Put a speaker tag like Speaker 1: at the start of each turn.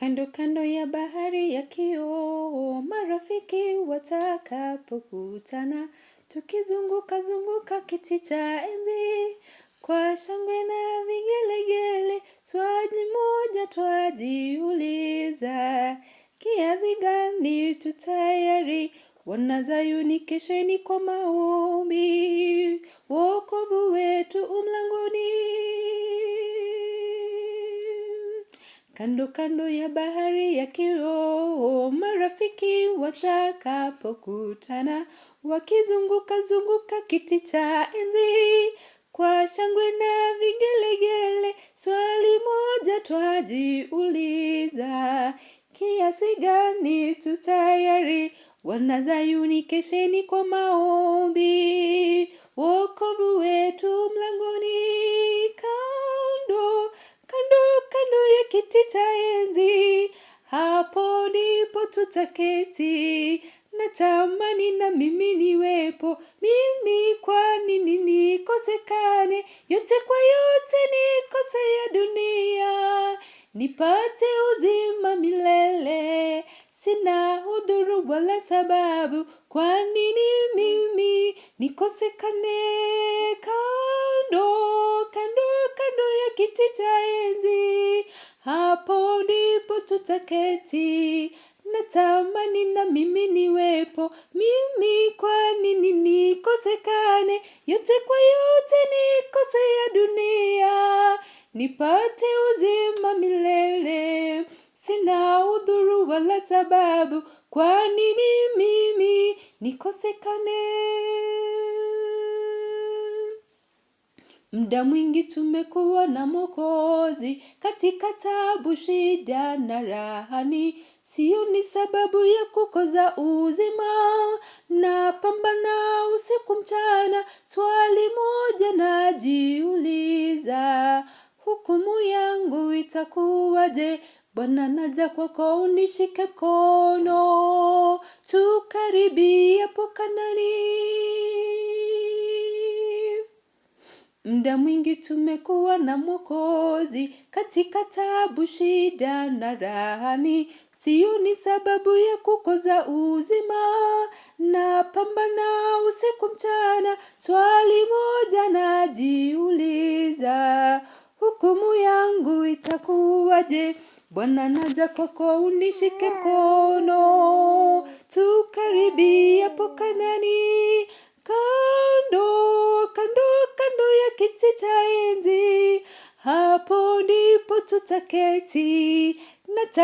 Speaker 1: Kando kando ya bahari ya kioo, marafiki watakapokutana, tukizunguka zunguka kiti cha enzi kwa shangwe na vigelegele, swaji moja twajiuliza, kiazi gani tutayari? tayari? Wanazayuni, kesheni kwa maombi. Kando kando ya bahari ya kiroho, marafiki watakapokutana, wakizunguka zunguka kiti cha enzi kwa shangwe na vigelegele. Swali moja twajiuliza, kiasi gani tu tayari? Wana Zayuni, kesheni kwa maombi, wokovu wetu mlangoni. tutaketi natamani na mimi niwepo mimi kwa nini nikosekane yote kwa yote nikose ya dunia nipate uzima milele sina udhuru wala sababu kwa nini mimi nikosekane kando kando kando ya kiti cha enzi hapo ndipo tutaketi natamani na mimi niwepo, mimi kwa nini nikosekane? Yote kwa yote nikose ya dunia, nipate uzima milele. Sina udhuru wala sababu, kwanini mimi nikosekane? Mda mwingi tumekuwa na Mwokozi katika tabu, shida na rahani, sioni sababu ya kukosa uzima. Napambana usiku mchana, swali moja najiuliza, hukumu yangu itakuwaje? Bwana naja kwako, unishike mkono, tukaribie hapo Kanaani. Mda mwingi tumekuwa na Mwokozi katika tabu, shida na rahani. Sioni sababu ya kukosa uzima, na pambana usiku mchana. Swali moja najiuliza, hukumu yangu itakuwaje? Bwana naja kwako, unishike mkono, tukaribie hapo kiti cha enzi, hapo ndipo tutaketi na